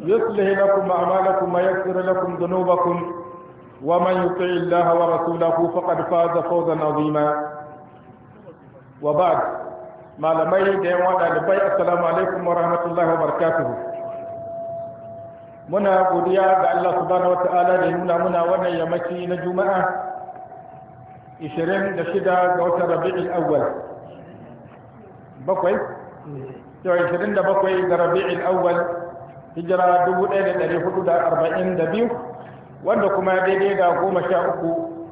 يصلح لكم أعمالكم ويغفر لكم ذنوبكم ومن يطع الله ورسوله فقد فاز فوزا عظيما وبعد ما لمي دعوة السلام عليكم ورحمة الله وبركاته منا godiya الله سبحانه وتعالى wa منا ونا يمشي muna إشرين دشدا na ربيع الأول بقي watan إشرين دبقي ربيع الأول hijira biyu, wanda kuma daidai da goma sha uku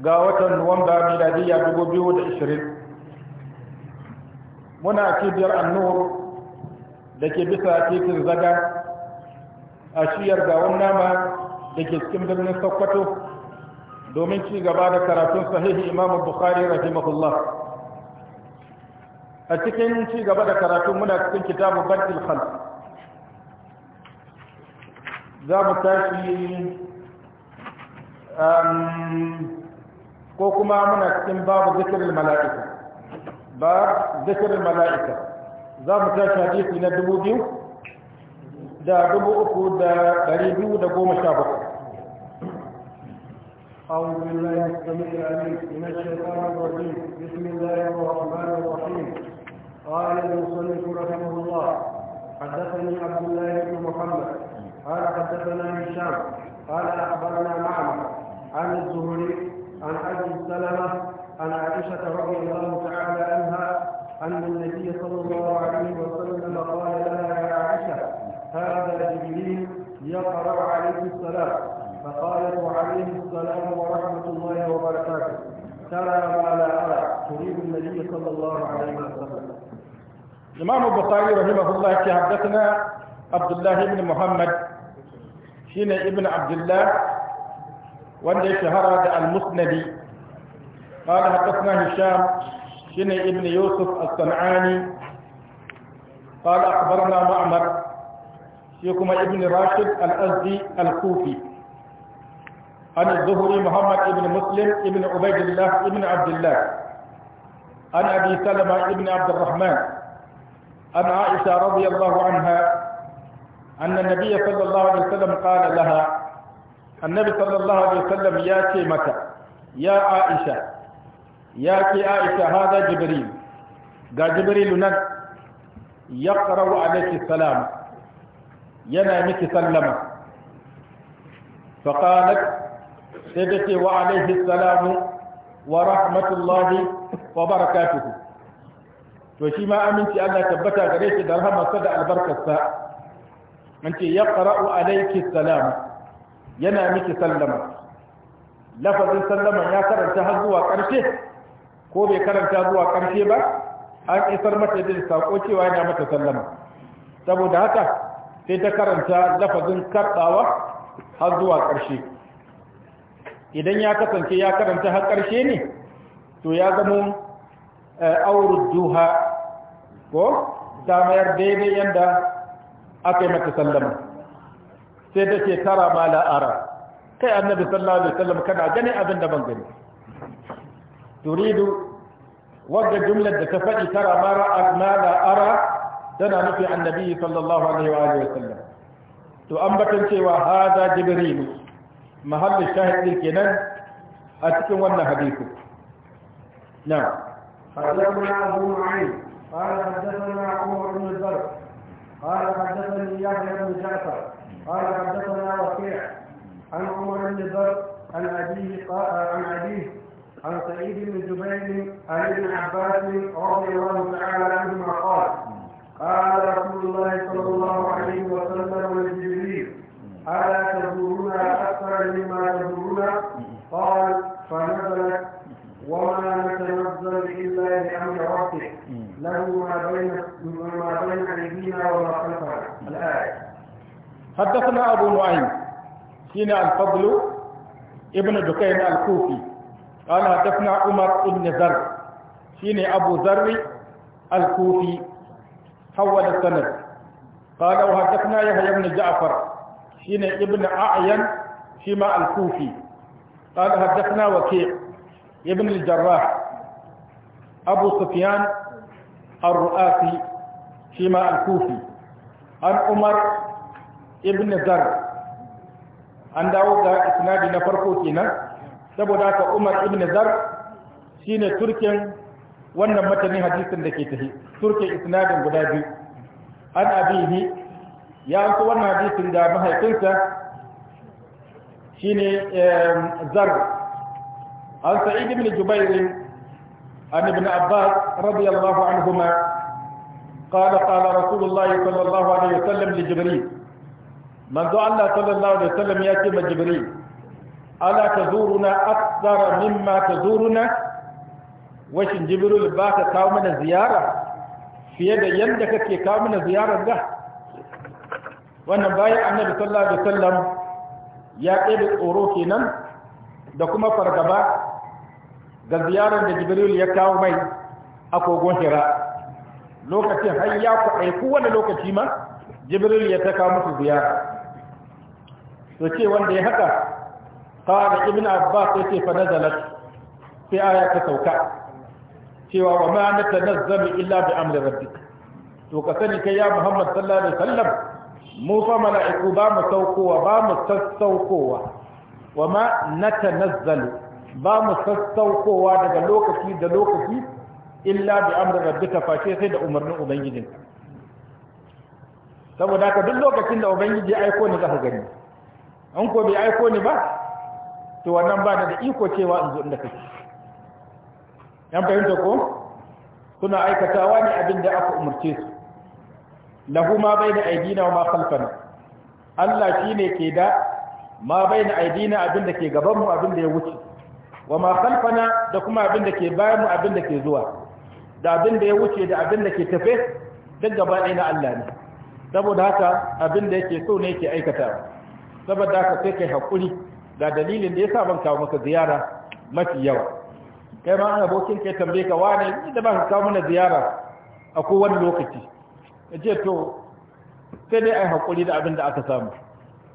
ga watan nuwamba miladiyya ishirin, muna cibiyar annur da ke bisa titin zaga a shiyar gawon nama da ke cikin birnin sokoto domin ci gaba da karatun sahihi imamu bukhari rahimahullah a cikin ci gaba da karatun muna cikin kitabu badil khalq za mu tashi ko kuma muna cikin babu zikirin mala'ika ba zikirin mala'ika za mu tashi hadisi na dubu biyu da dubu uku da ɗari biyu da goma sha bakwai أعوذ بالله السميع العليم من الشيطان الرجيم بسم الله الرحمن الرحيم قال المصنف رحمه الله حدثني عبد الله بن محمد قال حدثنا هشام قال اخبرنا معمر عن الزهري عن ابي سلمه عن عائشه رضي الله تعالى عنها ان النبي صلى الله عليه وسلم قال لها يا عائشه هذا جبريل يقرا عليه السلام فقالت وعليه السلام ورحمه الله وبركاته ترى ما لا ارى تريد النبي صلى الله عليه وسلم الإمام البخاري رحمه الله حدثنا عبد الله بن محمد شين ابن عبد الله وانجي شهر هذا المسندي قال حدثنا هشام شين ابن يوسف الصنعاني قال اخبرنا معمر شيكم ابن راشد الازدي الكوفي عن الزهري محمد ابن مسلم ابن عبيد الله ابن عبد الله عن ابي سلمه ابن عبد الرحمن عن عائشه رضي الله عنها أن النبي صلى الله عليه وسلم قال لها النبي صلى الله عليه وسلم يا كيمك يا عائشة يا كي عائشة هذا جبريل قال جبريل نك يقرأ عليك السلام ينامك سلم فقالت سيدتي وعليه السلام ورحمة الله وبركاته to shi ma aminci Allah tabbata gare shi da rahama da albarkarsa mace ya ƙara'u alaiki salam yana miki sallama lafazin sallama ya karanta har zuwa ƙarshe ko bai karanta zuwa ƙarshe ba an isar mata da saƙo cewa yana mata sallama saboda haka sai ta karanta lafazin karɗawa har zuwa ƙarshe idan ya kasance ya karanta har ƙarshe ne to ya zama eh, auru ko ta daidai yadda aka yi mata sallama sai ta ce tara ma la'ara kai annabi sallallahu alaihi wasallam kana gani abin da ban gani turidu wadda jumlar da ta faɗi tara ma la'ara tana nufin annabi sallallahu alaihi wa alihi wasallam to an batun cewa haza jibril mahallin shahid kenan a cikin wannan hadisi na حدثنا أبو معين قال حدثنا عمر بن البر قال حدثني يحيى بن جعفر قال حدثنا وكيع عن عمر بن بر عن أبيه عن أبيه عن سعيد بن جبير عن ابن عباس رضي الله تعالى عنهما قال قال رسول الله صلى الله عليه وسلم لجبريل ألا تزورنا أكثر مما تزورنا قال فنزلت وما نتنزل إلا بأمر ربك له ما بين ما بين أيدينا وما خلفنا الآية حدثنا أبو نعيم سينا الفضل ابن دكين الكوفي قال حدثنا عمر بن ذر سينا أبو ذر الكوفي حول السند قال وحدثنا يحيى بن جعفر سينا ابن أعين فيما الكوفي قال حدثنا وكيع ابن الجراح أبو سفيان الرؤاسي فيما الكوفي عن عمر ابن ذر an dawo ga isnadi na farko kenan saboda haka Umar ibn Zar shine turken wannan matanin hadisin da ke tafi turken isnadin guda biyu an abihi ya anko wannan hadisin da mahaifinsa shine Zar an Sa'id ibn Jubair عن ابن عباس رضي الله عنهما قال قال رسول الله صلى الله عليه وسلم لجبريل من دعا الله صلى الله عليه وسلم ياتي من جبريل ألا تزورنا أكثر مما تزورنا وشن جبريل باك كاومنا زيارة في يد يندك كي كاومنا زيارة ده وانا bayan النبي صلى الله عليه وسلم يا tsoro kenan da kuma ga ziyarar da jibril ya kawo mai a kogon hira lokacin har ya kwaɗai kowane lokaci ma jibril ya ta kawo musu ziyara to ce wanda ya haka kawai ibn abbas ya ce fa nazalat sai aya ta sauka cewa wa ma na natanazzalu illa bi amri rabbi. to ka sani kai ya muhammad sallallahu alaihi wasallam mu fa mala'iku ba mu saukowa ba mu sassaukowa wa ma na natanazzalu ba mu sassaukowa daga lokaci da lokaci illa bi rabbi ta face sai da umarnin ubangijin saboda ka duk lokacin da ubangiji ya aiko ni za ka gani an ko bai aiko ni ba to wannan ba da iko cewa in zo inda kake yan fahimta ko suna aikatawa ne abin da aka umarce su lahu ma bai da aidina wa ma khalfana Allah shine ke da ma bai da aidina abin da ke gaban mu abin da ya wuce wa ma khalfana da kuma abin da ke bayan mu abin da ke zuwa da abin da ya wuce da abin da ke tafe duk gaba ɗaya na Allah ne saboda haka abin da yake so ne yake aikata saboda haka sai kai hakuri ga dalilin da yasa ban kawo maka ziyara mafi yawa kai ma an abokin kai tambaye ka wane da ba ka kawo mana ziyara a kowane lokaci ce to sai dai ai hakuri da abin da aka samu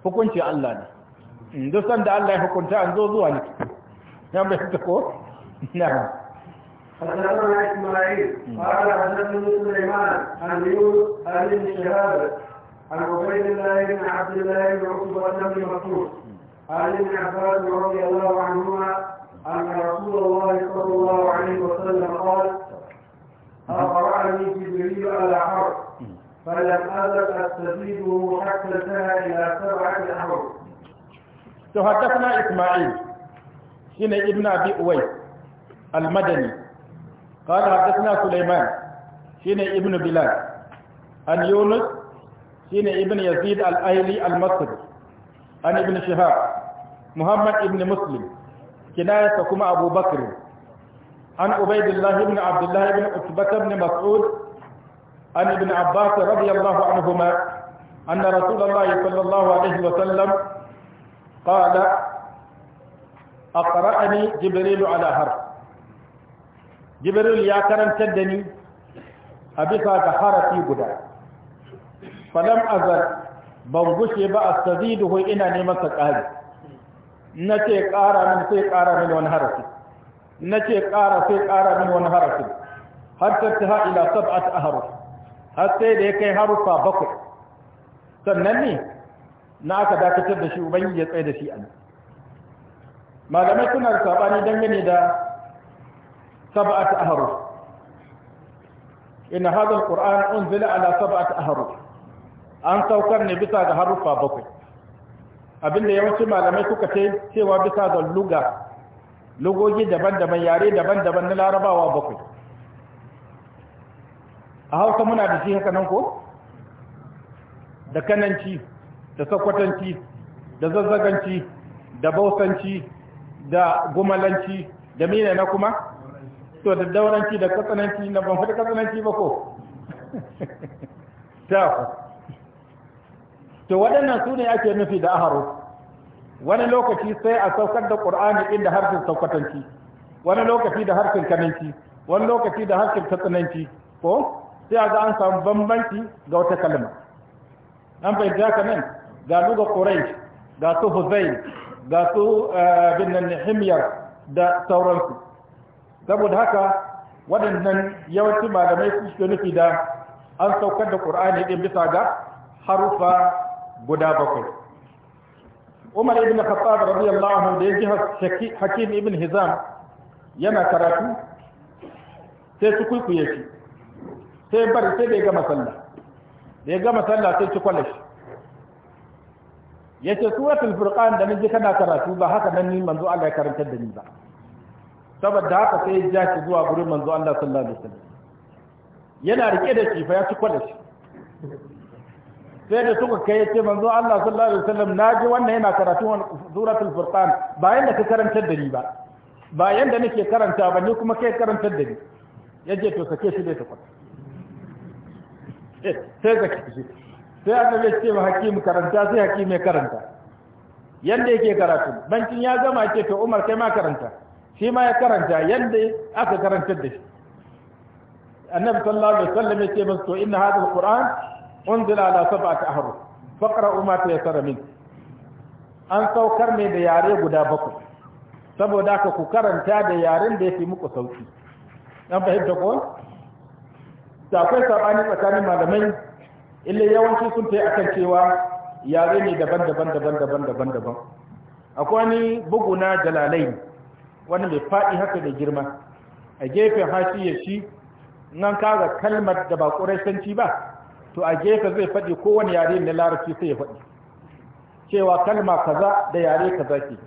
hukunci Allah ne duk sanda Allah ya hukunta an zo zuwa ne نعم. نعم تقول نعم حدثنا اسماعيل قال حدثني سليمان عن يوسف عن ابن شهاب عن عبيد الله بن عبد الله بن عقبه بن مسعود عن ابن عباس رضي الله عنهما ان رسول الله صلى الله عليه وسلم قال اقرأني جبريل على حرب فلم ازل استزيده حتى انتهى الى سبعه حرب تحدثنا اسماعيل shine ibn abi uwais al-madani قال حدثنا سليمان شين ابن بلال عن يونس شين ابن يزيد الأيلي المصري عن ابن شهاب محمد ابن مسلم كناية كما أبو بكر عن عبيد الله بن عبد الله بن عتبة بن مسعود عن ابن عباس رضي الله عنهما أن رسول الله صلى الله عليه وسلم قال aqra'ani jibrilu ala har jibril ya karantar da ni a bisa ga harafi guda falam azal ban gushe ba a astaziduhu ina neman sa ƙari ce ƙara min sai ƙara min wani harafi nace ƙara sai ƙara min wani harafi har tattaha ila sab'at ahruf har sai da ya kai harufa bakwai sannan ne na aka dakatar da shi ubangiji ya tsaye da shi a nan malamai suna da sabani dangane da sab'at ahruf inna hadha alquran unzila ala sab'at ahruf an saukar ne bisa ga harufa bakwai abinda yawanci malamai suka ce cewa bisa ga luga lugogi daban-daban yare daban-daban na larabawa bakwai a hausa muna da shi haka nan ko da kananci da sakwatanci da zazzaganci da bausanci da gumalanci da mene na kuma to da dauranci da katsananci na ban faɗi katsananci ba ko ta to waɗannan su ne ake nufi da aharu wani lokaci sai a saukar da ƙur'ani inda harshen saukatanci wani lokaci da harshen kananci wani lokaci da harshen katsananci ko sai a ga an samu bambanci ga wata kalma an bai ka nan ga luga quraish ga su ga su eh, abin nan himyar da sauransu saboda haka waɗannan yawanci malamai su suke nufi da an saukar da ƙur'ani ɗin bisa ga harufa guda bakwai umar ibn khattab radiyallahu anhu da ya ji hakim ibn hizam yana karatu sai su kuikuye shi sai bari sai da ya gama sallah da gama sallah sai ci kwalashi yace suratul furqan da nake kana karatu ba haka nan ni manzo Allah ya karanta da ni ba saboda haka sai ya ja ki zuwa gurin manzo Allah sallallahu alaihi wasallam yana rike da shi fa ya ci kwada shi sai da suka kai yace manzo Allah sallallahu alaihi wasallam naji wannan yana karatu suratul furqan ba yanda ka karanta da ni ba ba yanda nake karanta ba ni kuma kai karanta da ni yace to sake shi da ta kwata sai ka shi sai aka ya ce ba hakim karanta sai hakim ya karanta yanda yake karatu bankin ya zama ce to Umar kai ma karanta shi ma ya karanta yanda aka karantar da shi annabi sallallahu alaihi wasallam ya ce masa to inna hadha alquran unzila ala sab'ati ahruf faqra ma tayassara min an saukar ne da yare guda bakwai saboda ka ku karanta da yaren da yake muku sauki an fahimta ko da akwai sabani tsakanin malamai illa yawanci sun tayi akan cewa yare ne daban-daban daban-daban daban-daban akwai wani bugu na jalalai wani mai faɗi haka da girma a gefen hashiyar shi nan kaga kalmar da ba ƙuraishanci ba to a gefe zai faɗi kowane yare na larabci sai ya faɗi cewa kalma kaza da yare kaza ke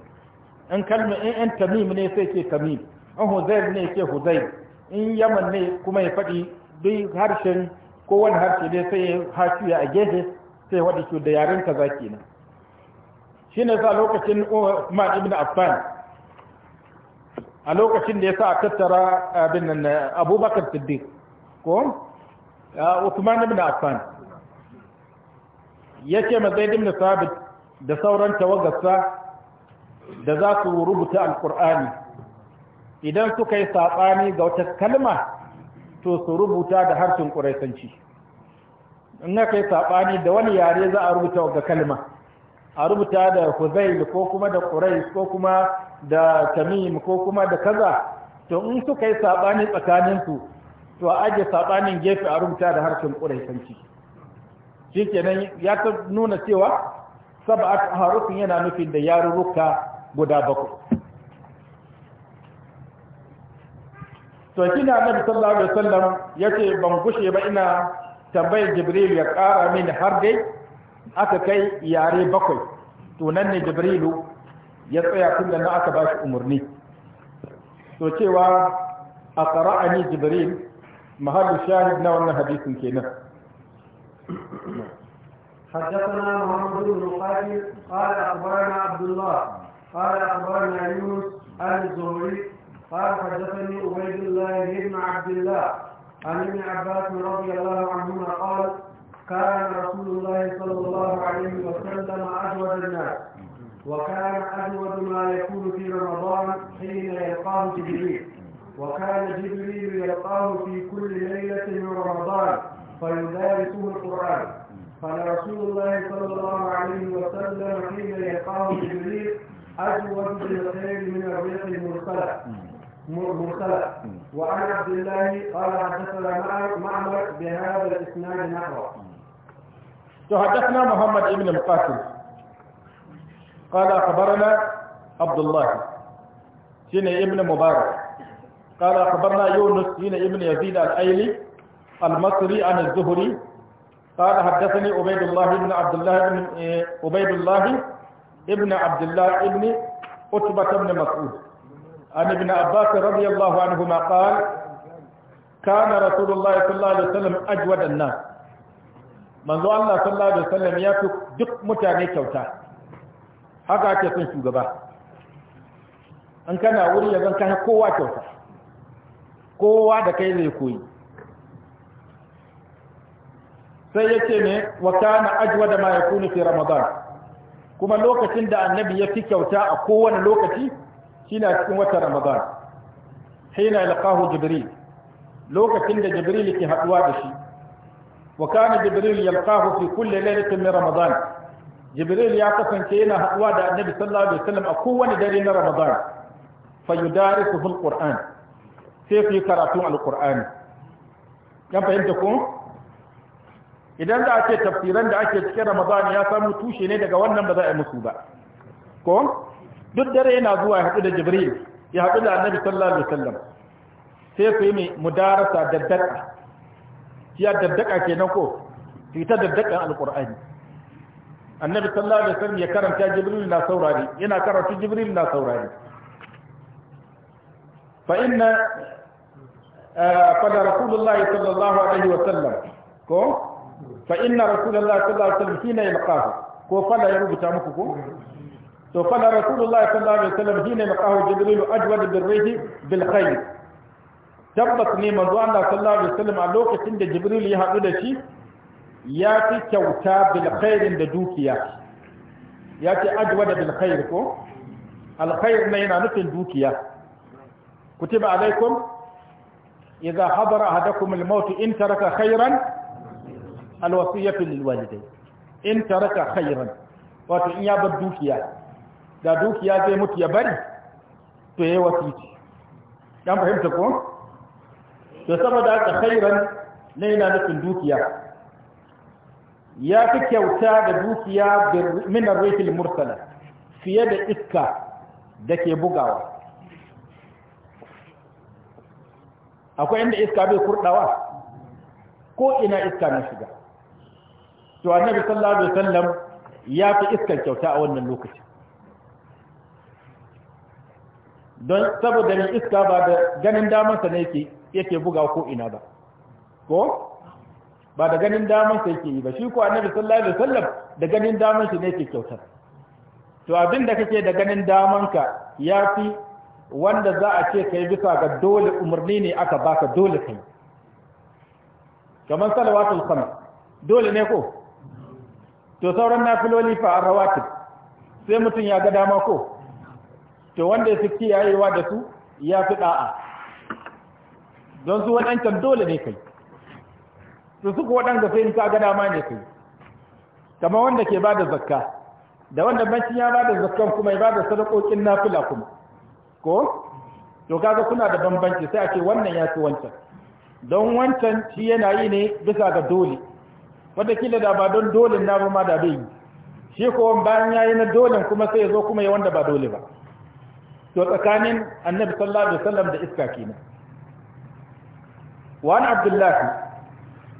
in kalma in yan tamim ne sai ke tamim in huzair ne ke huzair in yaman ne kuma ya faɗi duk harshen ko wani harshe ne sai ya hafiya a gefe sai ya waɗa da yaren ke kenan shi ne sa lokacin Uthman ibn Affan a lokacin da ya sa a tattara abin nan Abubakar Siddiq ko Uthman ibn Affan ce ma Zaid ibn Sabit da sauran tawagarsa da za su rubuta alkur'ani idan suka yi saɓani ga wata kalma to su rubuta da harshen ƙuraisanci in na kai saɓani da wani yare za a rubuta ga kalma a rubuta da huzail ko kuma da ƙurais ko kuma da tamim ko kuma da kaza to in suka yi saɓani tsakaninsu to a ajiye saɓanin gefe a rubuta da harshen ƙuraisanci shi kenan ya ta nuna cewa sab'at harufin yana nufin da yarurruka guda bakwai to shi na annabi sallallahu alaihi wasallam yace ban gushe ba ina tambayar jibril ya ƙara min har dai aka kai yare bakwai to nan ne jibrilu ya tsaya tun da na aka ba shi umarni to cewa a qara'ani jibril mahallu shahid na wannan hadisin kenan حدثنا محمد بن قال اخبرنا عبد الله قال اخبرنا يونس عن الزهري قال حدثني عبيد الله بن عبد الله عن ابن عباس رضي الله عنهما قال كان رسول الله صلى الله عليه وسلم اجود الناس وكان اجود ما يكون في رمضان حين يلقاه جبريل وكان جبريل يلقاه في كل ليله من رمضان فيدارسه القران قال رسول الله صلى الله عليه وسلم حين يلقاه جبريل اجود بالخير من الريح المرسله مرسلة وعن عبد الله قال حدثنا معمر بهذا الاسناد نحوه تحدثنا محمد بن القاسم قال أخبرنا عبد الله سين ابن مبارك قال أخبرنا يونس سين ابن يزيد الأيلي المصري عن الزهري قال حدثني عبيد الله بن عبد الله بن إيه، عبيد الله ابن عبد الله ابن عتبة بن مسعود عن ابن عباس رضي الله عنهما قال كان رسول الله صلى الله عليه وسلم أجود الناس manzo Allah sallallahu alaihi wasallam ya fi duk mutane kyauta haka ake son shugaba an kana wuri ya zan kowa kyauta kowa da kai zai koyi sai yace ne wa kana ajwada ma yakunu fi ramadan kuma lokacin da annabi ya fi kyauta a kowane lokaci shine a cikin watan Ramadan hina laqahu Jibril lokacin da Jibril ke haduwa da shi wa kana Jibril yalqahu fi kulli lailatin min Ramadan Jibril ya kasance yana haduwa da Annabi sallallahu alaihi wasallam a kowane dare na Ramadan fa yudarisuhu al-Qur'an sai fi karatu al-Qur'an kan fahimta ko idan za a ce tafsiran da ake cikin Ramadan ya samu tushe ne daga wannan ba za a yi musu ba ko duk dare yana zuwa ya haɗu da jibril ya haɗu da annabi sallallahu alaihi wasallam sai su yi mudarasa daddaka ya daddaka kenan ko fita daddakan alqur'ani annabi sallallahu alaihi wasallam ya karanta jibril na saurari yana karatu jibril na saurari fa inna qala eh, rasulullah sallallahu alaihi wasallam ko fa inna rasulullah sallallahu alaihi wasallam hina yalqahu ko fa ya rubuta muku ko to fala rasulullahi sallallahu alaihi wasallam hina laqahu jibril ajwad bil rih bil khayr tabbas ne manzo Allah sallallahu alaihi wasallam a lokacin da jibril ya hadu da shi ya fi kyauta bil da dukiya ya ce ajwada bil khair ko al ne yana nufin dukiya kutiba alaikum idza hadara ahadakum al maut in taraka khairan al wasiyatu lil walidayn in taraka khairan wato in ya bar dukiya da dukiya zai mutu ya bari to yayi wasiti dan fahimta ko to saboda haka khairan na yana nufin dukiya ya fi kyauta da dukiya min ar-rihil mursala fiye da iska da ke bugawa akwai inda iska bai kurdawa ko ina iska na shiga to annabi sallallahu alaihi wasallam ya fi iskar kyauta a wannan lokacin don saboda mai iska ba da ganin damansa ne yake yake buga ko ina ba ko ba da ganin damansa yake yi ba shi ko annabi sallallahu alaihi wasallam da ganin damansa ne yake kyautar to abin da kake da ganin damanka ya fi wanda za a ce kai bisa ga dole umarni ne aka baka dole kai kamar salawatul khams dole ne ko to sauran nafiloli fa arrawatib sai mutum ya ga dama ko to wanda ya fi kiyayewa da su ya fi da'a don su waɗancan dole ne kai su suka waɗanda sai ka gada ma ne kai kamar wanda ke bada zakka da wanda bacci ya bada zakkan kuma ya bada sadakokin nafila kuma ko to kaga kuna da bambanci sai a ce wannan ya fi wancan don wancan shi yana yi ne bisa ga dole kila da ba don dole na ba ma da bai yi shi ko bayan ya yi na dole kuma sai ya zo kuma ya wanda ba dole ba to tsakanin annabi sallallahu alaihi wasallam da iska kenan wa an abdullah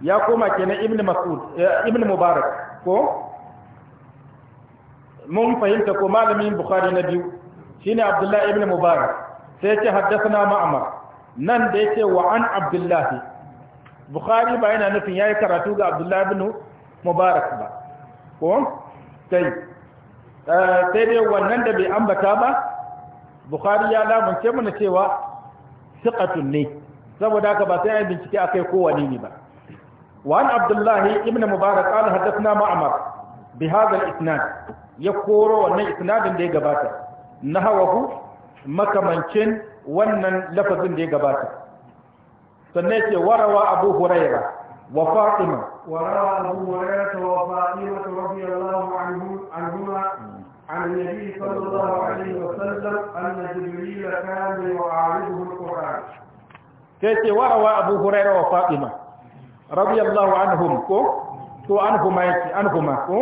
ya koma kenan ibn mas'ud eh, ibn mubarak ko mun fahimta ko malamin bukhari na biyu shine abdullah ibn mubarak sai ce haddathana ma'mar nan da yake wa an abdullah bukhari ba yana nufin yayi karatu ga abdullah ibn mubarak ba ko sai eh, sai dai wannan da bai ambata ba bukhari ya lamunce mana cewa siqatun ne saboda haka ba sai an bincike akai kowane ne ba wa an abdullahi ibn mubarak qala hadathna ma'mar bi hadha al-isnad ya koro wannan isnadin da ya gabata nahawahu makamancin wannan lafazin da ya gabata sannan ce warawa abu hurayra wa fatima warawa abu hurayra wa fatima radiyallahu anhu anhuma عن النبي صلى الله عليه وسلم أن جبريل كان يعارضه القرآن كيتي وروى أبو هريرة وفاطمة رضي الله عنهم كو تو عنهما عنهما كو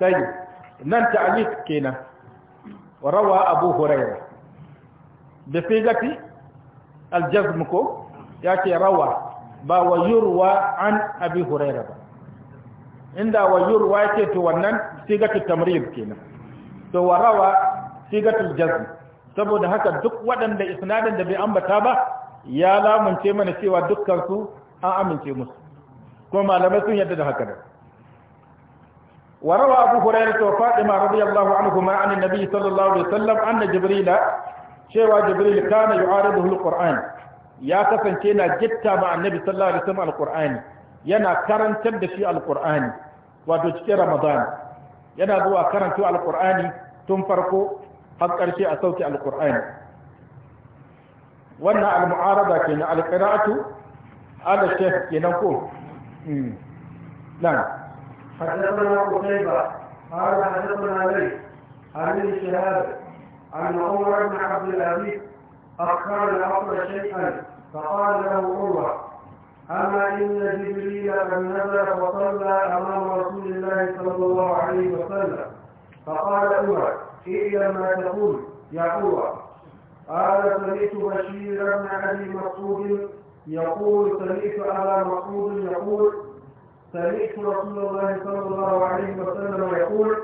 طيب نن تعليق كينا وروى أبو هريرة بصيغة الجزم كو ياتي روى با ويروى عن أبي هريرة عند ويروى ياتي تو ونن بصيغة التمريض كينا to warawa sigatul jazm saboda haka duk waɗanda isnadin da bai ambata ba ya lamunce mana cewa dukkan su an amince musu ko malamai sun yadda da haka da warawa abu hurairah to fatima radiyallahu anhu ma an nabi sallallahu alaihi wasallam anna jibril cewa jibril kana yu'aridu alquran ya kasance na gitta ma annabi sallallahu alaihi wasallam alqur'ani yana karantar da shi alqur'ani wato cikin ramadan yana zuwa karanta alqur'ani tun farko har ƙarshe a sauki alƙur'ani wannan al-mu'arada kenan al-qira'atu ala shaykh kenan ko نعم حدثنا قتيبة قال حدثنا ليث عن الشهادة أن عمر بن عبد العزيز أخبر العصر شيئا فقال له عمر أما إن جبريل قد نزل وصلى أمام رسول الله صلى الله عليه وسلم فقال عمر إيه ما تقول يا عمر قال سمعت بشيرا بن أبي مقصود يقول سمعت أبا مقصود يقول سمعت رسول الله صلى الله عليه وسلم يقول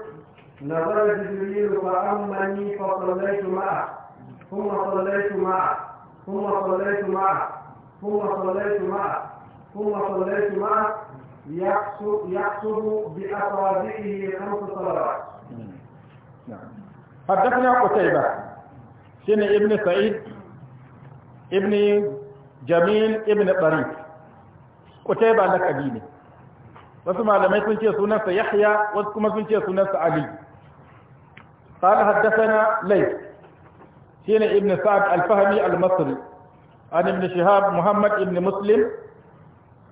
نظر جبريل فأمني فصليت معه ثم صليت معه ثم صليت معه ثم صليت معه ثم صليت معه يحسب بأصابعه خمس صلوات حدثنا قتيبة سن ابن سعيد ابن جميل ابن طريق قتيبة لك أبيني wasu malamai sun ce sunansa Yahya wasu kuma sun ce sunansa Ali qala haddathana Layth shine ibn Sa'd al-Fahmi al-Masri an ibn Shihab Muhammad ibn Muslim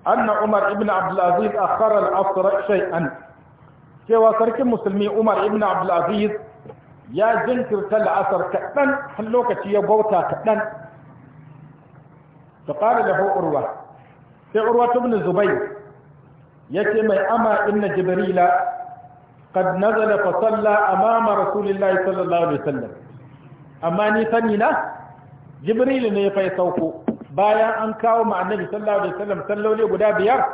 anna Umar ibn Abdul Aziz akhara al-asr shay'an cewa sarkin musulmi Umar ibn ya jinkirta la'asar kaɗan har lokaci ya bauta kaɗan ta ƙara da urwa sai urwa tubin zubai ya ce mai ama inna jibrila qad nazala fa salla amama rasulillahi sallallahu alaihi wasallam amma ni sani na jibril ne ya fai sauko bayan an kawo ma annabi sallallahu alaihi wasallam salloli guda biyar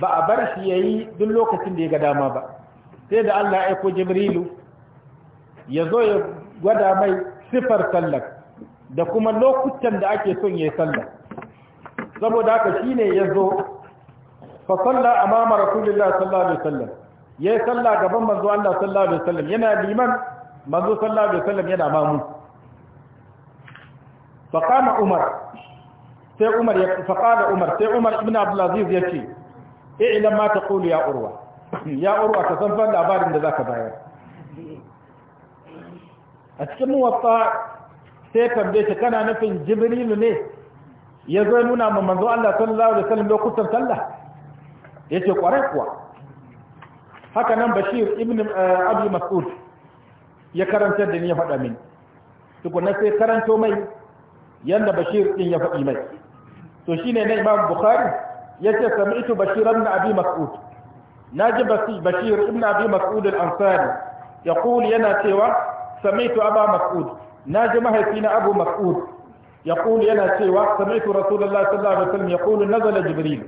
ba a bar shi yayi duk lokacin da ya ga dama ba sai da Allah ya aiko jibrilu ya zo ya gwada mai sifar sallar da kuma lokutan da ake son ya yi sallar saboda haka shi ne ya zo fa salla amama rasulullah sallallahu alaihi wasallam ya yi salla gaban manzo Allah sallallahu alaihi wasallam yana liman manzo sallallahu alaihi wasallam yana mamu fa umar sai umar ya fa umar sai umar ibn abdul aziz ya ce i'lam ma taqulu ya urwa ya urwa ka san fa labarin da zaka bayar a cikin muwaffa sai tambaye shi kana nufin jibrilu ne ya zo nuna ma manzo Allah sallallahu alaihi wasallam lokutan sallah yace kwarai kuwa haka nan bashir ibn eh, abi mas'ud ya karanta da ni ya faɗa min tukunna sai karanto mai yanda bashir din ya faɗi mai to shine na imam bukhari yace sami'tu bashir ibn abi mas'ud naji bashir ibn abi mas'ud al-ansari yaqul yana cewa سمعت أبا مسعود ناجم هيفين أبو مسعود يقول ينا سوى سمعت رسول الله صلى الله عليه وسلم يقول نزل جبريل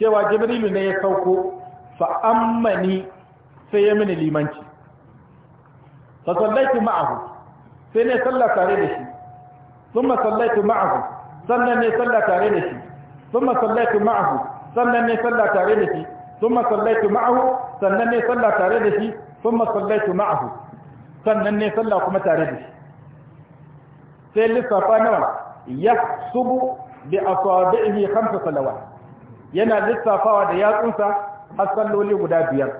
سوى جبريل ني سوكو فأمني سيمن الإيمانشي فصليت معه سنة صلى تاريخي ثم صليت معه سنة صلى تاريخي ثم صليت معه سنة صلى تاريخي ثم صليت معه سنة صلى تاريخي ثم صليت معه sannan ne sallah kuma tare da shi sai lissafa nawa ya subu bi asabihi khamsa salawat yana lissafawa da yatsunsa har salloli guda biyar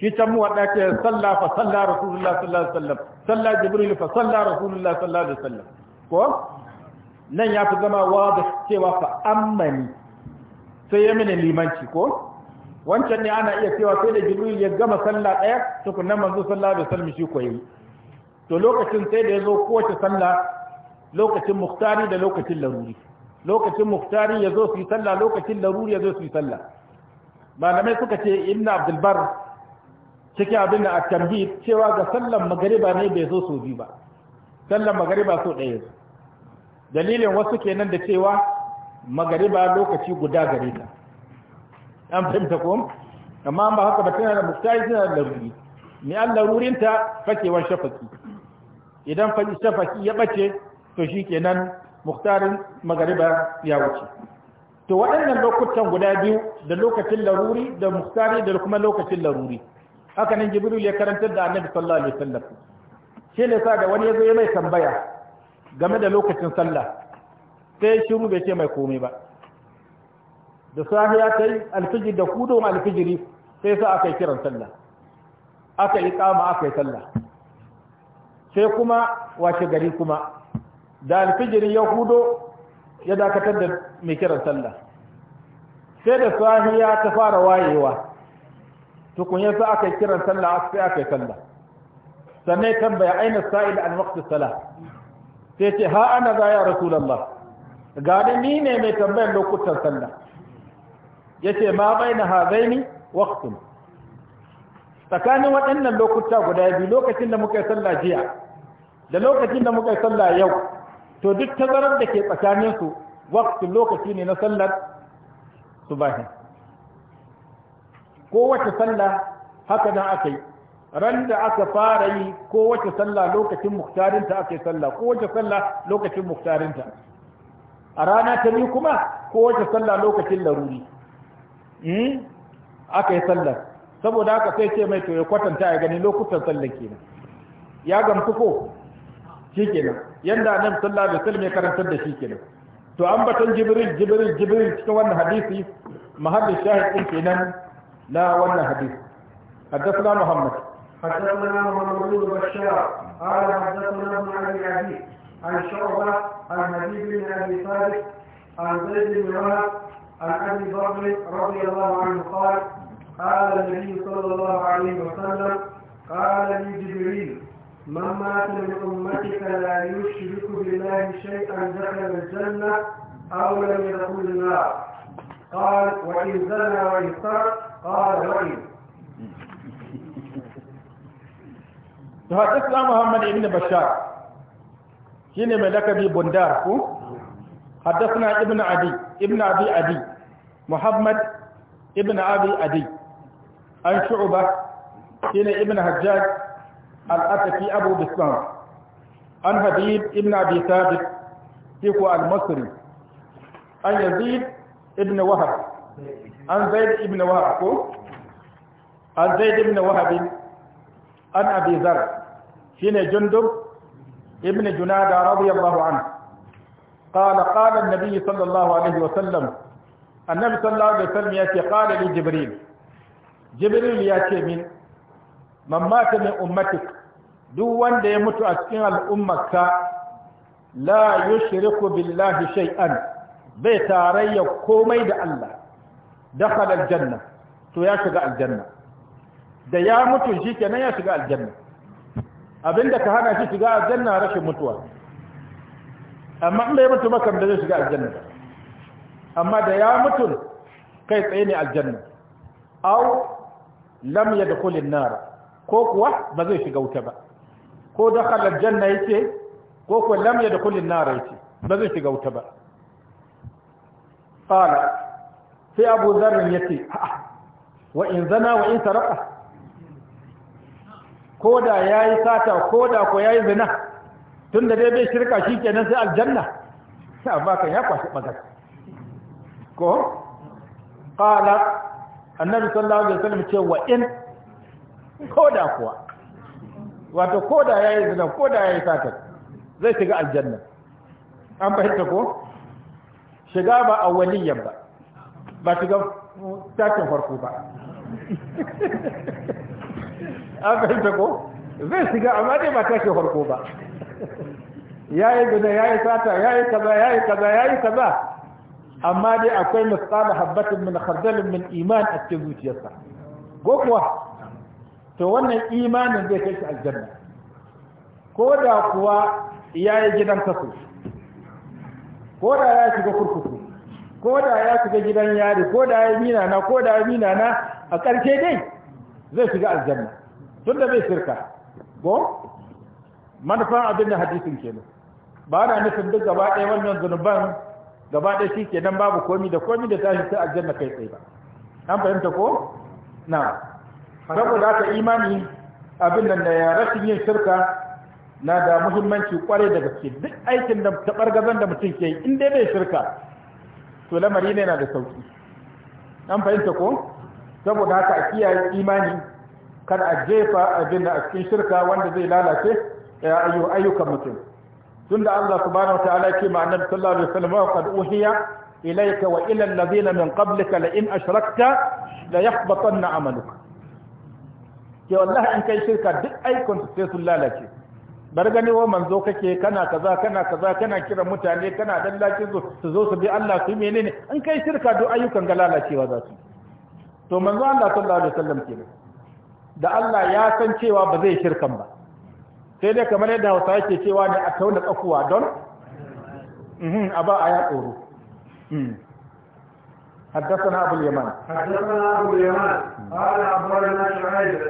shi can mu wada ke sallah fa sallah rasulullah sallallahu alaihi wasallam sallah jibril fa sallah rasulullah sallallahu alaihi wasallam ko nan ya fi zama da cewa fa ammani sai ya mini limanci ko wancan ne ana iya cewa sai da jibril ya gama sallah ɗaya tukunna manzo sallah da salmi shi koyi to lokacin sai da ya zo kowace sallah lokacin muktari da lokacin laruri lokacin muktari ya zo su sallah lokacin laruri ya zo su sallah malamai suka ce inna abdulbar cike abin da a cewa ga sallan magariba ne bai zo so biyu ba sallan magariba so ɗaya dalilin wasu kenan da cewa magariba lokaci guda gare ta an fahimta ko amma ba haka ba tana da muftahi tana da laruri mai an larurinta fakewar shafaki idan shafaki ya bace to shi kenan muktarin magariba ya wuce to waɗannan lokutan guda biyu da lokacin laruri da muktari da kuma lokacin laruri haka nan jibril ya karantar da annabi sallallahu alaihi wasallam shi ne sa da wani ya zo ya mai tambaya game da lokacin sallah sai shiru bai ce mai komai ba da safiya ta yi alfijir da kudon alfijiri sai sa aka yi kiran sallah aka yi kama aka yi sallah sai kuma washe gari kuma da alfijiri ya hudo ya dakatar da mai kiran sallah sai da safiya ta fara wayewa tukun yasa aka yi kiran sallah sai aka yi sallah sannan tambaya aina sa'il an waqti salah sai ce ha ana za ya rasulullah ga ni ne mai tambayar lokutan sallah yace ma baina hazaini waqtun tsakanin waɗannan lokuta guda biyu lokacin da muka yi sallah jiya da lokacin da muka yi sallah yau to duk tazarar da ke tsakanin su waqtun lokaci ne na sallar subahi kowace sallah haka nan aka yi ran da aka fara yi ko kowace sallah lokacin muktarinta aka yi sallah kowace sallah lokacin muktarinta a rana ta biyu kuma ko kowace sallah lokacin laruri Hmm? aka yi sallar saboda aka sai ce mai to kwatanta ya gani lokutan sallar kenan ya gamsu ko shi kenan yanda nan sallar da sallar mai karantar da shi kenan to an batan jibril jibril jibril cikin wannan hadisi mahallin shahidin din kenan na wannan hadisi حدثنا محمد حدثنا محمد بن بشار قال حدثنا ابن ابي عزيز عن شعبه عن حبيب بن ابي صالح عن زيد بن عن أبي بكر رضي الله عنه قال قال النبي صلى الله عليه وسلم قال لي جبريل من مات من أمتك لا يشرك بالله شيئا دخل الجنة أو لم يدخل النار قال وإن زنى وإن سرق قال وإن تحدثنا محمد بن بشار شنو ملك بندار حدثنا ابن عدي ابن ابي عدي muhammad ibn abi adi an shu'ba shine ibn hajjaj al-atafi abu bislam an habib ibn abi sabit al-masri an yazid ibn wahab an zaid ibn wahab ko an zaid ibn wahab an abi zar shine jundub ibn junada radiyallahu anhu قال قال النبي صلى الله عليه وسلم annabi sallallahu alaihi wasallam ya ce qala li jibril jibril ya ce min man mata min ummatik duk wanda ya mutu a cikin al'ummarka la yushriku billahi shay'an bai tarayya komai da Allah dakhala aljanna to ya shiga aljanna da ya mutu shi kenan ya shiga aljanna abinda ka hana shi shiga aljanna rashin mutuwa amma in bai mutu ba kan da zai shiga aljanna amma da ya mutum kai tsaye ne aljanna au lam yadkhulin nar ko kuwa ba zai shiga wuta ba ko dakhala aljanna ce, ko kuwa lam nara nar ce, ba zai shiga wuta ba qala sai Abu Dharr yace wa in zana wa in sarqa ko da yayi sata ko da ko yayi zina tunda dai bai shirka shikenan sai aljanna sai amma ya kwashi magana ko qala annabi sallallahu alaihi wasallam ce wa in koda kuwa wato koda yayi zina koda yayi sata zai shiga aljanna an fahimta ko shiga ba awwaliyan ba ba shiga takin farko ba an fahimta ko zai shiga amma dai ba takin farko ba yayi zina yayi sata yayi kaza yayi kaza yayi kaza amma dai akwai misali habbatin min khardalin min iman a cikin zuciyarsa ko kuwa to wannan imanin zai kai shi aljanna ko da kuwa ya yi gidan kaso ko da ya shiga kurkuku ko da ya shiga gidan yari ko da ya mina na ko da ya mina na a ƙarshe dai zai shiga aljanna da bai shirka ko manufan abin da hadisin kenan ba na nufin duk gaba ɗaya wannan zunuban gaba ɗaya shi ke nan babu komi da komi da tashi sai aljanna kai tsaye ba an fahimta ko na saboda haka imani abin nan da rashin yin shirka na da muhimmanci kwarai da gaske duk aikin da ta tabargazan da mutum ke yi in dai bai shirka to lamari ne na da sauki an fahimta ko saboda haka a kiyaye imani kada a jefa abin da a cikin shirka wanda zai lalace ayyukan mutum tunda Allah subhanahu wa ta'ala ke ma annabi sallallahu alaihi wasallam wa qad uhiya ilayka wa ila alladhina min qablika la in ashrakta la yahbatanna amaluka ke wallahi in kai shirka duk aikon sai sun lalace bar gani wa manzo kake kana kaza kana kaza kana kira mutane kana dallaci su su zo su bi Allah su menene in kai shirka duk ayyukan ga lalacewa za su to manzo Allah sallallahu alaihi wasallam kenan da Allah ya san cewa ba zai shirkan ba sai dai kamar yadda hausa yake cewa ne a tauna kafuwa don a ba a ya tsoro حدثنا أبو اليمان حدثنا أبو اليمان قال أخبرنا شعيب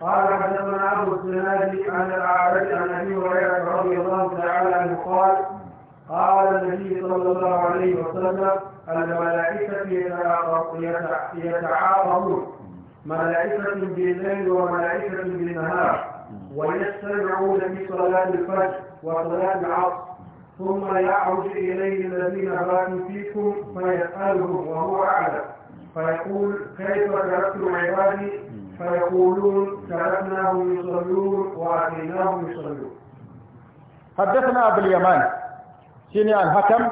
قال حدثنا أبو الزناد عن الأعرج عن أبي هريرة رضي الله تعالى عنه قال قال النبي صلى الله عليه وسلم الملائكة يتعاطون ملائكة بالليل وملائكة بالنهار ويستمعون بصلاة الفجر وصلاة العصر ثم يعرج إليه الذين باتوا فيكم فيسألهم وهو أعلم فيقول كيف تركت عبادي فيقولون تركناهم يصلون وأتيناهم يصلون حدثنا أبو اليمان سيني الحكم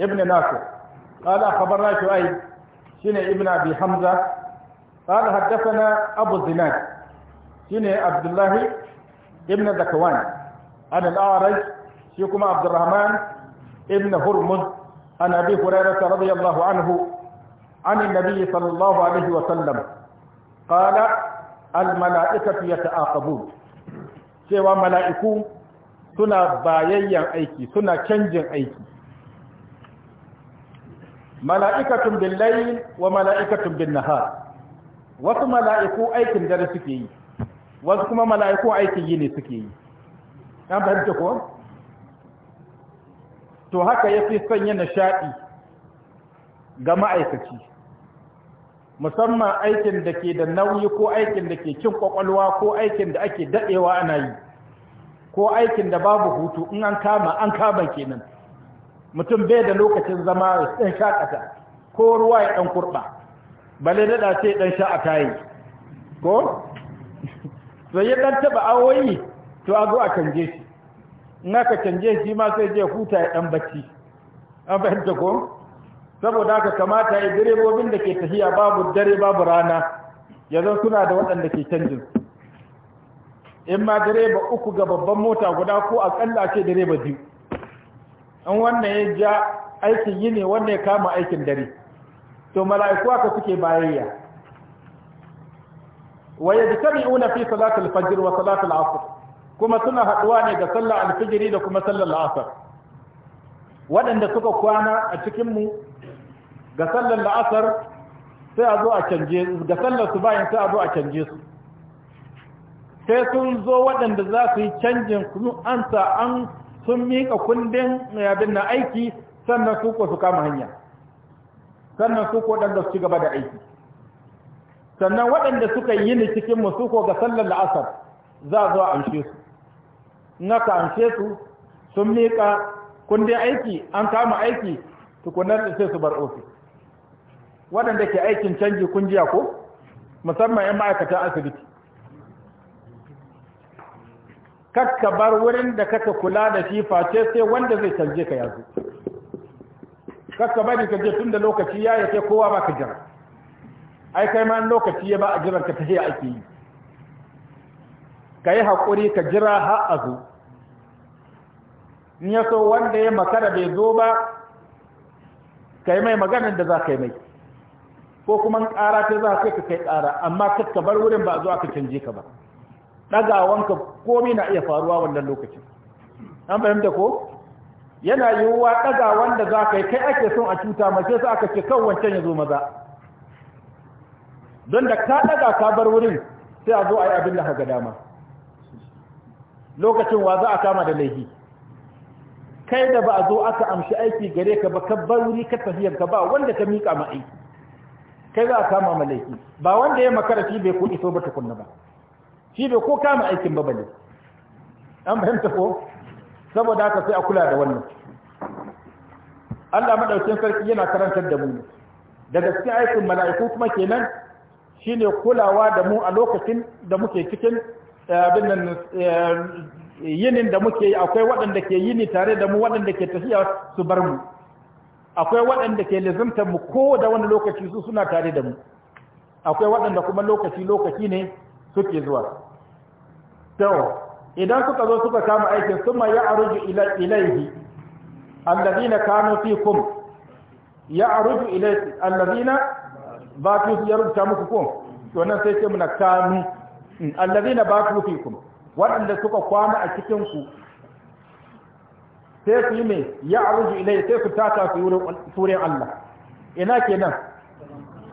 ابن ناصر قال أخبرنا شعيب سيني ابن أبي حمزة قال حدثنا أبو الزناد shine Abdullahi ibn Zakwan an al-A'raj shi kuma Abdurrahman ibn Hurmuz an Abi Hurairah radiyallahu anhu عن النبي صلى الله عليه وسلم قال الملائكة يتعاقبون cewa mala'iku suna bayayyan aiki suna canjin aiki mala'ikatun bin layin wa mala'ikatun bin nahar wasu mala'iku aikin dare suke yi wasu kuma mala'iku aikin yi ne suke yi an fahimta ko to haka ya fi sanya nishaɗi ga ma'aikaci musamman aikin da ke da nauyi ko aikin da ke cin kwakwalwa ko aikin da ake daɗewa ana yi ko aikin da babu hutu in an kama an kama kenan mutum bai da lokacin zama ɗan shaƙata ko ruwa ya ɗan kurɓa bale daɗa ce ɗan sha a tayi ko to ya ɗan taba awoyi to a zo a canje shi in aka canje shi ma sai je huta ya ɗan bacci an fahimta ko saboda haka kamata ya direbobin da ke tafiya babu dare babu rana ya zan suna da waɗanda ke canjin in ma direba uku ga babban mota guda ko a ce direba biyu in wannan ya ja aikin yi ne wannan ya kama aikin dare to mala'iku aka suke bayayya wa yajtami'una fi salati al-fajr wa salati al-asr kuma suna haduwa ne ga sallar al-fajr da kuma sallar al-asr waɗanda suka kwana a cikin mu ga sallar al-asr sai a zo a canje su ga sallar su bayan sai a zo a canje su sai sun zo waɗanda za su yi canjin sun ansa an sun mika kundin abin na aiki sannan su ko su kama hanya sannan su ko ɗan da su ci gaba da aiki sannan waɗanda suka yi ni cikin musu ko ga sallar la'asar za zo a amshe su na ka amshe su sun miƙa kundin aiki an kama aiki tukunan sai su bar ofis waɗanda ke aikin canji jiya ko musamman 'yan ma'aikatan asibiti kakka bar wurin da kaka kula da shi face sai wanda zai canje ka yazo kakka bari ka je tun da lokaci ya yake kowa ba ka jira ai kai ma lokaci ya ba a jiran ka ta hiya ake yi ka yi haƙuri ka jira har a zo ya so wanda ya makara bai zo ba ka mai maganin da za ka yi mai ko kuma ƙara ta za ka kai ƙara amma ka bar wurin ba a zo aka canje ka ba ɗagawanka komi na iya faruwa wannan lokacin an fahimta ko yana yiwuwa ɗagawan da za ka yi kai ake son a cuta mace sai aka ce kan wancan ya zo maza don da ka ɗaga ka bar wurin sai a zo a yi abin da haka dama lokacin wa za a kama da laifi kai da ba a zo aka amshi aiki gare ka ba ka bar wuri ka tafiyar ka ba wanda ka miƙa ma aiki kai za a kama ma laifi ba wanda ya makara shi bai ko iso ba tukunna ba shi bai ko kama aikin ba bane an fahimta ko saboda haka sai a kula da wannan Allah madaukin sarki yana karantar da mu daga cikin aikin mala'iku kuma kenan Shi ne kulawa da mu a lokacin da muke cikin eh, abin eh, yinin da muke akwai waɗanda ke yini tare da mu waɗanda ke tafiya su bar mu akwai waɗanda ke lizimta mu ko da wani lokaci su suna tare da mu akwai waɗanda kuma lokaci lokaci ne suke zuwa to idan suka zo suka kama aikin suma ya aruju ilaihi alladhina kanu fikum ya aruju ilaihi alladhina Ba batu ya ta muku ko to nan sai ce muna kanu mm, allazina fi fikum waɗanda suka kwana a cikin ku sai su yi mai ya arju ilai sai su tata su wurin Allah ina kenan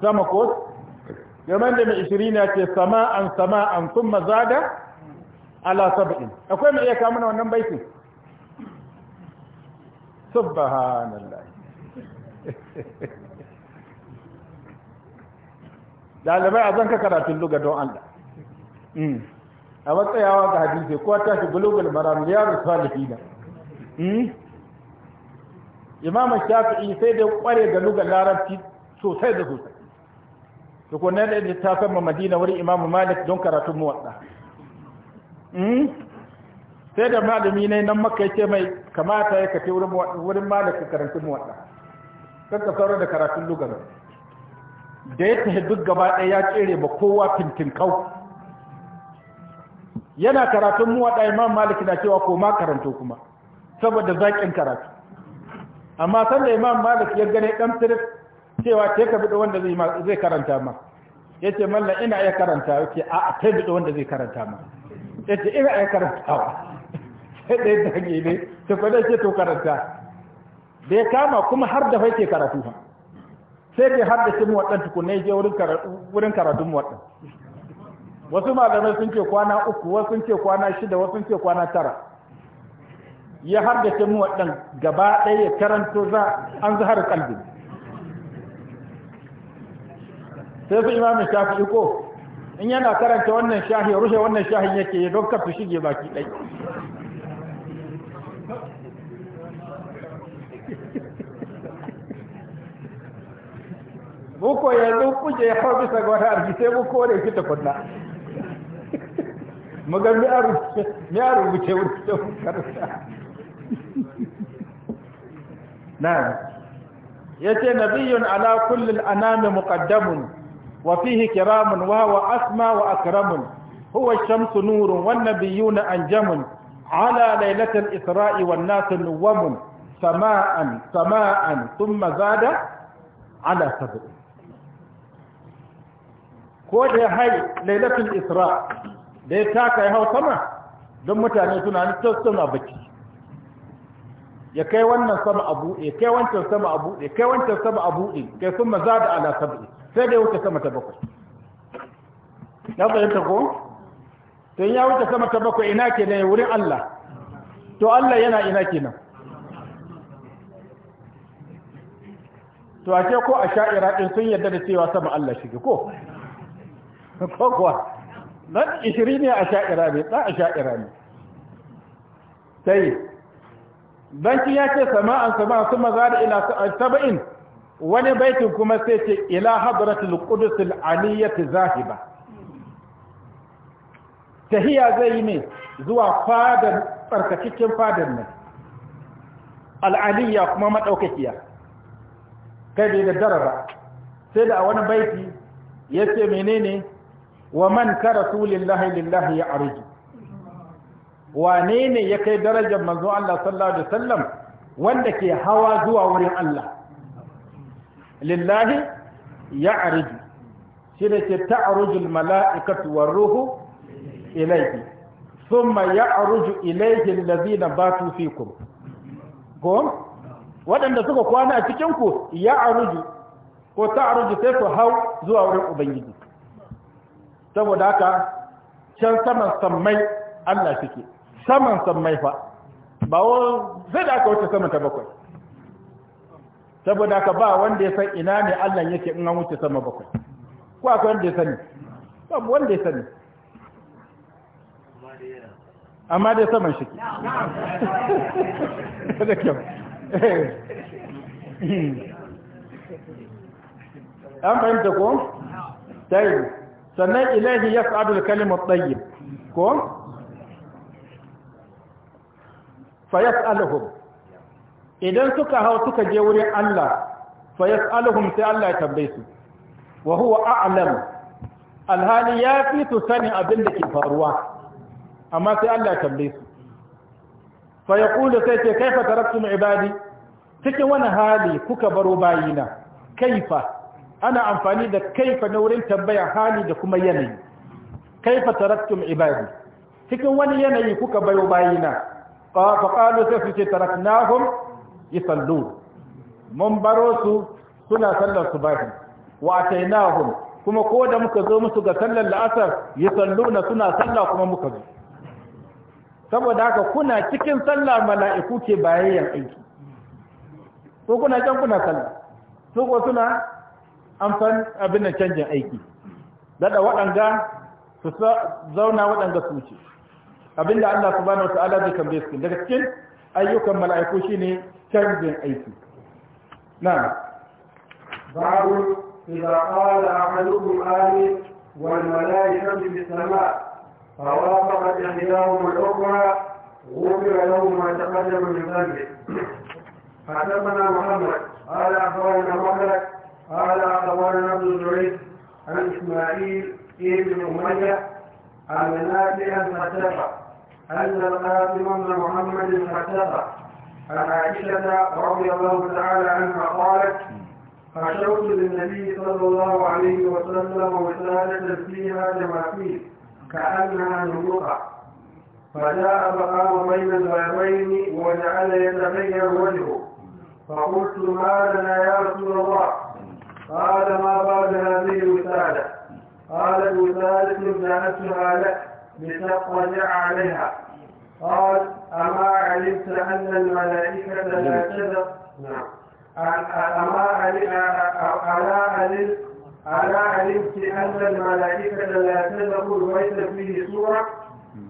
sama ko yaman da mai ishirin ya ce sama'an sama'an sun zada ala sab'in akwai mai iya kamuna wannan baitin subhanallah dalibai a zan ka karatun luga don Allah hmm. a matsayawa ga hadisai ko ta shi bulugul maram da fina hmm. imam shafi'i sai da kware ga lugar larabci sosai da sosai to ko ne da ta ma madina wurin imam malik don karatun muwatta hmm. sai da malami ne nan maka yake mai kamata ya kace wurin wurin malik karatun muwatta kanka saura da karatun lugar da ya tafi duk gaba ɗaya ya tsere ba kowa fintin kau. yana karatun mu ɗaya ma Maliki na cewa ko ma karanto kuma saboda zaƙin karatu amma sanda imam malik ya gane ɗan firif cewa ce ka biɗo wanda zai karanta ma ya ce mallan ina iya karanta ya ce a ta biɗo wanda zai karanta ma ya ce ina iya wa? sai ɗaya dage ne ta kwanai ce to karanta da ya kama kuma har da fai ke karatu ha sai ke haddace mu waɗanda tukunai je wurin karatun mu waɗanda wasu malamai sun ce kwana uku wasu sun ce kwana shida wasu sun ce kwana tara ya haddace mu waɗan gaba ɗaya ya karanto za an zahar kalbi sai su imamin shafi iko in yana karanta wannan shahi rushe wannan shahin yake ya don kafa shige baki ɗaya. muku yanzu kuke hau bisa ga wani arziki sai muku wani fita kunna magan mi a rubuce wurin karsa na ya ce nabiyun ala kullum anami muqaddamun wa fihi kiramun wa huwa asma wa akramun huwa shamsu nurun wan nabiyuna anjamun ala lailatul isra'i wan nasu nuwamun sama'an sama'an thumma zada ala sab'in ko da ya hai lailatul isra da ya taka ya hau sama don mutane suna nufin suna baki ya kai wannan sama a buɗe kai wancan sama a buɗe kai wancan sama a buɗe kai sun maza da ala sab'i sai da ya wuce sama ta bakwai ya fahimta ko tun ya wuce sama ta bakwai ina kenan ya wurin Allah to Allah yana ina nan. to a ce ko a sha'ira ɗin sun yarda da cewa sama Allah shige ko ko kuwa nan 20 ne a sha'ira ne ɗan a sha'ira ne sai banki ya ce sama'an sama'an sun da ila saba'in wani baitin kuma sai ce ila hadratul qudusul aliyyati zahiba tahiya zai ne zuwa fadar tsarkakakken fadar nan al'aliyya kuma madaukakiya kai da darara sai da a wani baiti ya ce menene wa man ka rasulillahi lillahi ya arju wane ya kai darajar manzo Allah sallallahu alaihi wasallam wanda ke hawa zuwa wurin Allah lillahi ya shi da ke ta'aruju mala'ikatu war ruhu ilayhi thumma ya'ruju ilayhi allazina batu fikum ko waɗanda suka kwana a cikinku ku ko sai ku hau zuwa wurin ubangiji saboda haka can saman sammai Allah suke saman sammai fa ba zai da aka wuce saman ta bakwai saboda haka ba wanda ya san ina ne Allah yake in an wuce sama bakwai ko akwai wanda ya sani ba wanda ya sani amma dai saman shi da kyau eh. hmm. an fahimta ko? ta yi sannan ilahi ya sa'adul kalimar tsayyib ko? fayas alhum idan suka hau suka je wurin Allah fayas alhum sai Allah ya tambaye su wa huwa a'lam alhali ya fi su sani abin da ke faruwa amma sai Allah ya tambaye su fa sai ce kaifa taraktum ibadi cikin wani hali kuka baro bayina kaifa ana amfani da kaifa na wurin tambaya hali da kuma yanayi kaifa taraktum ibadi cikin wani yanayi kuka bayo bayina fa qalu sai su ce taraknahum yusallu mun baro su suna sallar subahi wa atainahum kuma ko da muka zo musu ga sallar la'asar yusalluna suna sallah kuma muka zo saboda haka kuna cikin sallah mala'iku ke bayayyan aiki ko kuna can kuna sallah su ko suna an san abin da canjin aiki daɗa waɗanda su zauna waɗanda su ce abin da Allah subhanahu wata'ala zai kan su daga cikin ayyukan mala'iku shine canjin aiki na'am babu إذا قال أحدكم آمين والملائكة في السماء فوافقت إحداهم الأخرى غفر له ما تقدم من ذنبه حدثنا محمد قال أخبرنا مخلد قال أخبرنا ابن جريج عن إسماعيل ابن أمية عن نافع حدث أن القاسم بن محمد حدث عن عائشة رضي الله تعالى عنها قالت فشوت للنبي صلى الله عليه وسلم وسادة فيها جماثيل كأنها نبوءة فجاء فقام بين الغابين وجعل يتغير وجهه فقلت ما لنا يا رسول الله قال ما بعد هذه الوسادة قال الوسادة ابتعدتها لك لتطلع عليها قال أما علمت أن الملائكة لا نعم. تذق نعم أما علمت ألا علمت أن الملائكة لا تذق البيت فيه صورة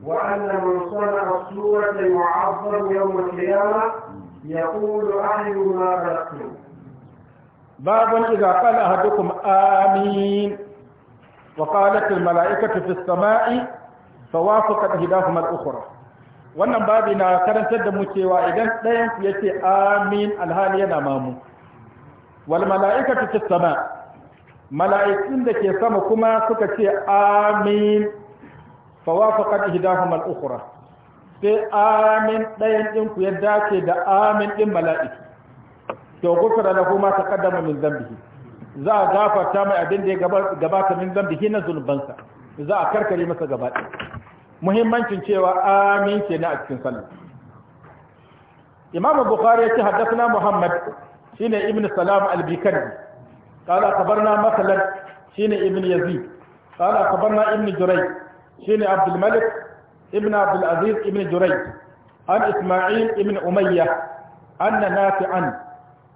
وأن من صنع الصورة يعظم يوم القيامة يقول أهل ما خلقتم babun idza kala ahadukum amin wa qalat al mala'ikatu fis sama'i fawafaqat hidahuma al ukhra wannan babi na karantar da mu cewa idan ɗayan ku ce amin alhali yana mamu wal mala'ikatu fis sama' mala'ikun da ke sama kuma suka ce amin fawafaqat ihdahuma al-ukhra sai amin ɗayan ɗin ku ya dace da amin ɗin mala'iki to gufira lahu ma taqaddama min dhanbihi za a gafarta mai abin da ya gabata min dhanbihi na zunubansa za a karkare masa gaba muhimmancin cewa amin kenan a cikin sallah imam bukhari yace haddathana muhammad shine ibnu salam al-bikari qala khabarna masalan shine ibnu yazid qala khabarna ibnu juray shine abdul malik ibnu abdul aziz ibnu juray an isma'il ibnu umayyah anna nafi'an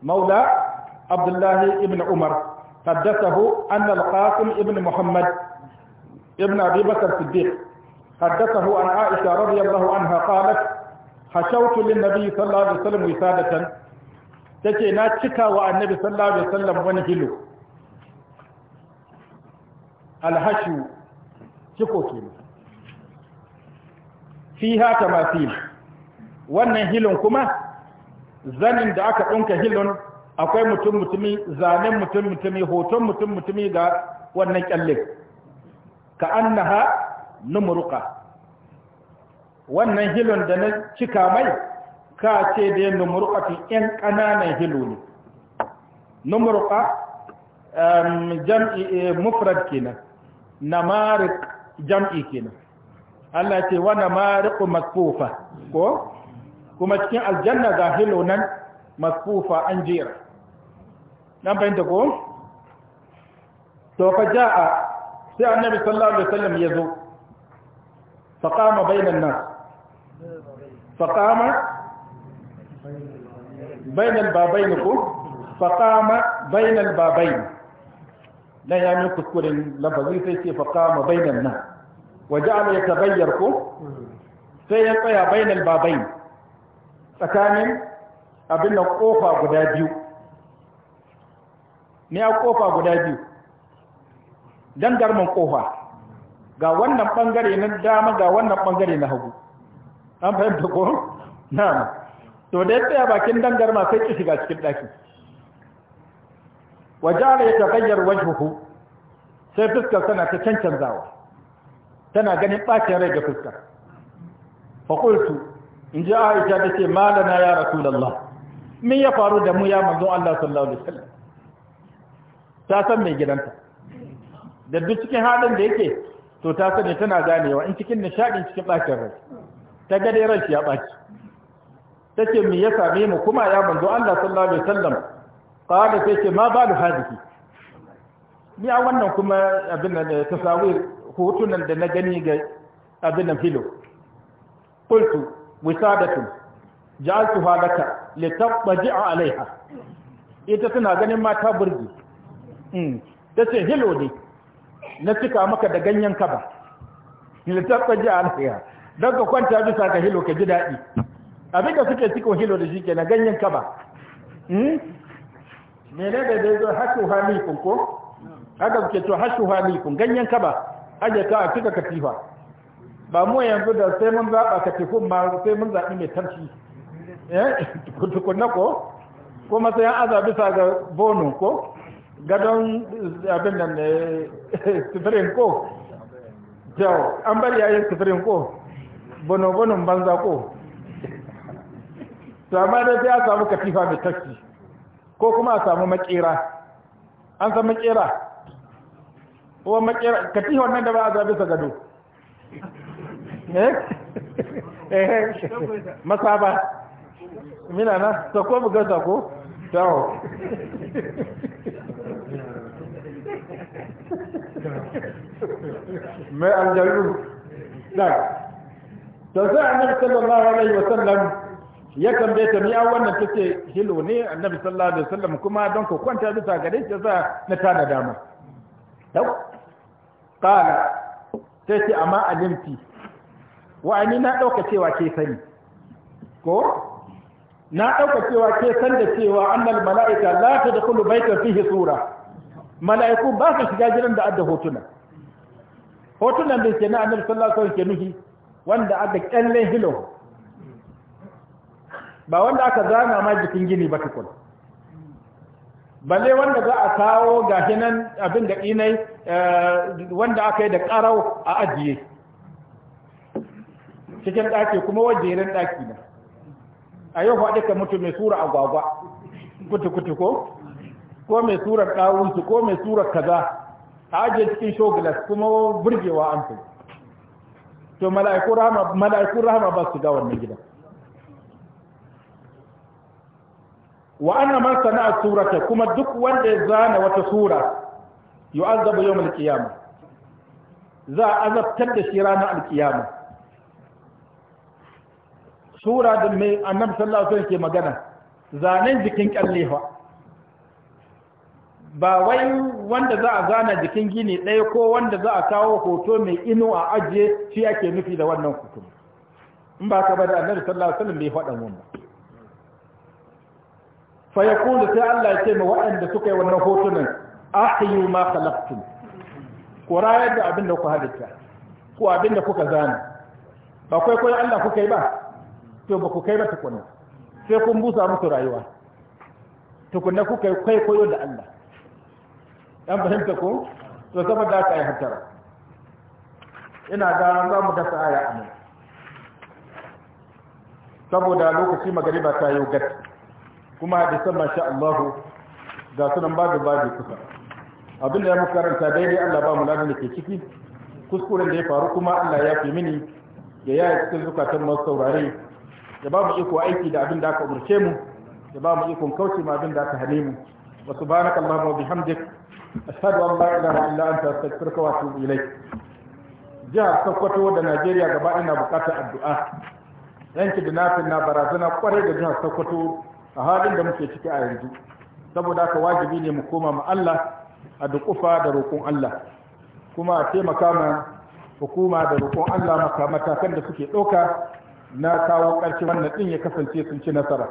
مولى عبد الله ابن عمر حدثه أن القاسم ابن محمد ابن أبي بكر الصديق حدثه عن عائشة رضي الله عنها قالت خشوت للنبي صلى الله عليه وسلم وسادة تجي ناتشكا والنبي صلى الله عليه وسلم ونهلو الهشو شكوتين فيها تماثيل wannan hilin kuma zanin da aka ɗunka hilon akwai mutum mutumi zanen mutum mutumi hoton mutum mutumi ga wannan kyalle ka ha numuruka wannan hilon da na cika mai ka ce da yin fi yan ƙananan hilo ne numuruka jam'i e, mufrad kenan marik jam'i kenan Allah ce wa na marik ko kuma cikin aljanna ga hilo nan masfufa an jera nan bayan ko to fa jaa sai annabi sallallahu alaihi wasallam ya zo fa qama bainan nas fa qama bainal babain ko fa qama bainal babain dan ya min kuskuren lafazi sai ce fa qama bainan nas wa ja'ala yatabayyar ko sai ya tsaya bainal babain tsakanin abin da kofa guda biyu ne a kofa guda biyu don darman kofa ga wannan bangare na dama ga wannan bangare na hagu an fahimta ko ma to da ya tsaya bakin dangarma sai ki shiga cikin daki wajara ya tagayyar wajhuhu sai fuskar tana ta cancanzawa tana ganin bacin rai ga fuskar fa qultu in ji aisha ta ce malana ya rasulullah min ya faru da mu ya manzon Allah sallallahu alaihi wasallam ta san mai gidanta da duk cikin halin da yake to ta sani tana ganewa in cikin nishadin cikin bakin rai ta ga dai ranci ya baki tace me ya same mu kuma ya manzo Allah sallallahu alaihi wasallam kada sai ce ma balu hadiki ni a wannan kuma abin da eh, tasawir hotunan da na gani ga abin nan filo qultu wisadatun halaka li litabji'a alaiha ita tana ganin mata burgi mm tace hello ne na cika maka da ganyen kaba litabji'a alaiha dan ka kwanta bisa ka hilo ka ji dadi abin da suke cika hilo da shi kenan ganyen kaba mm ne da dai zo hasu halikun ko haka suke to hasu halikun ganyen kaba aje ka a cika katifa ba mu yanzu da sai mun zaɓa ka tekun ma sai mun zaɓi mai tarki eh? tukunna ko kuma sai an aza bisa ga bono ko gadon eh, abin nan ne sifirin ko jau an bari yayin sifirin ko bono banza ko sama da sai a samu katifa mai tarki ko kuma a samu makera an san makera ko makera katifa wannan da ba a zaɓi sa gado Eh? masaba mina na to ko mu gaza ko To me an jaru da to sai annabi sallallahu alaihi wasallam ya tambaye ta ni a wannan take hilo ne annabi sallallahu alaihi wasallam kuma don ku kwanta bisa gare shi sai na tada dama qala sai ce amma alimti wa'ani na ɗauka cewa ke sani ko na ɗauka cewa ke san da cewa annal mala'ika la ta da kullu baita fihi sura mala'iku ba su shiga gidan da adda hotuna hotunan da ke na annabi sallallahu alaihi wasallam ke nuhi wanda aka kyallen hilo ba wanda aka zana ma jikin gini ba tukun balle wanda za a kawo ga nan abin da eh, wanda aka yi da karau a ajiye cikin ɗaki kuma wajeren ɗaki ba. a yau faɗi ka mutu mai sura agwagwa kutu-kutu ko ko mai surar ɗawunsu ko mai surar kaza a ajiye cikin shogulas kuma burgewa an fi to Mala'iku rahama ba su ga wannan gidan wa anna man sana'ar surata kuma duk wanda ya zana wata sura yu'azzabu yawm al-qiyamah za a azabtar da shi ranar alkiyama sura da mai annabi sallallahu alaihi ke magana zanen jikin fa ba wai wanda za a zana jikin gini ɗaya ko wanda za a kawo hoto mai ino a ajiye shi ake nufi da wannan hukum in ba ka bada da annabi sallallahu alaihi wasallam bai faɗa ba fa yaqulu sai Allah ya ce ma waɗanda suka yi wannan hotunan ahyu ma khalaqtum ku rayar da abin da kuka halitta ku abin da kuka zana ba kai kai Allah kuka yi ba to ba ku kai ba tukunna sai kun busa musu rayuwa tukunna ku kai kai koyo da Allah dan fahimta ko to saboda ka yi hatara ina ga za mu dasa aya a nan saboda lokaci magariba ta yi gat kuma da sama sha Allah ga sunan babu babu kusa abinda ya muka karanta daidai Allah ba mu ladan da ke ciki kuskuren da ya faru kuma Allah ya fi mini ya yi cikin zukatan masu saurare ya ba mu iko aiki da abin da aka umurce mu ya ba mu ikon kauce ma abin da aka hane mu wa subhanaka allahumma wa bihamdik ashhadu an la ilaha illa anta astaghfiruka wa atubu ilaik jihar sokoto da najeriya gaba ina bukatar addu'a yanki da nafin na barazana kwarai da jihar sokoto a halin da muke ciki a yanzu saboda haka wajibi ne mu koma mu allah a dukufa da roƙon allah kuma a taimaka ma hukuma da roƙon allah maka matakan da suke ɗauka na kawo ƙarshe wannan ɗin ya kasance sun ci nasara